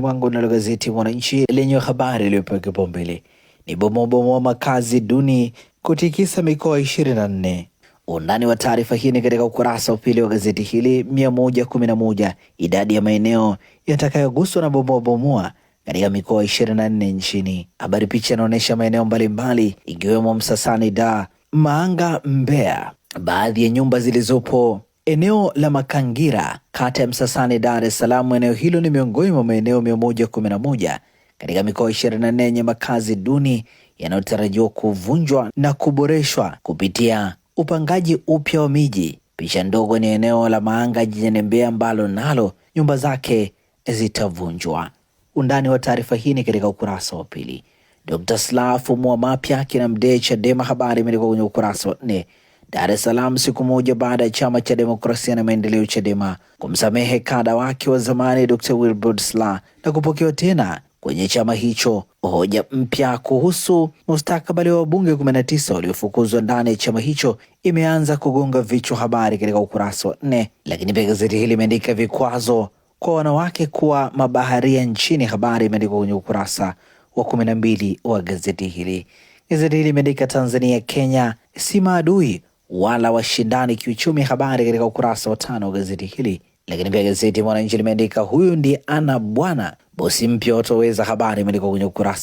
Mwangu nalo gazeti Mwananchi lenye habari iliyopewa kipaumbele ni bomoabomoa makazi duni kutikisa mikoa ishirini na nne. Undani wa taarifa hii ni katika ukurasa wa pili wa gazeti hili. mia moja kumi na moja idadi ya maeneo yatakayoguswa na bomoabomoa katika mikoa ishirini na nne nchini. Habari picha inaonyesha maeneo mbalimbali ikiwemo Msasani, da Maanga, Mbeya, baadhi ya nyumba zilizopo Eneo la Makangira kata ya Msasani, Dar es Salaam. Eneo hilo ni miongoni mwa maeneo 111 katika mikoa 24 yenye makazi duni yanayotarajiwa kuvunjwa na kuboreshwa kupitia upangaji upya wa miji. Picha ndogo ni eneo la Maanga jijini Mbeya ambalo nalo nyumba zake zitavunjwa. Undani wa taarifa hii ni katika ukurasa wa pili. Dr. Slaa fumua mapya kina Mdee Chadema, habari imeandikwa kwenye ukurasa wa nne. Dar es Salaam siku moja baada ya chama cha demokrasia na maendeleo Chadema kumsamehe kada wake wa zamani Dr. Wilbrod Slaa na kupokewa tena kwenye chama hicho hoja mpya kuhusu mustakabali wa wabunge 19 waliofukuzwa ndani ya chama hicho imeanza kugonga vichwa habari katika ukurasa wa nne. Lakini pia gazeti hili imeandika vikwazo kwa wanawake kuwa mabaharia nchini, habari imeandikwa kwenye ukurasa wa kumi na mbili wa gazeti hili. Gazeti hili imeandika Tanzania Kenya si maadui, wala washindani kiuchumi. Habari katika ukurasa wa tano wa gazeti hili. Lakini pia gazeti Mwananchi limeandika huyu ndiye ana bwana bosi mpya watoweza, habari imeandikwa kwenye ukurasa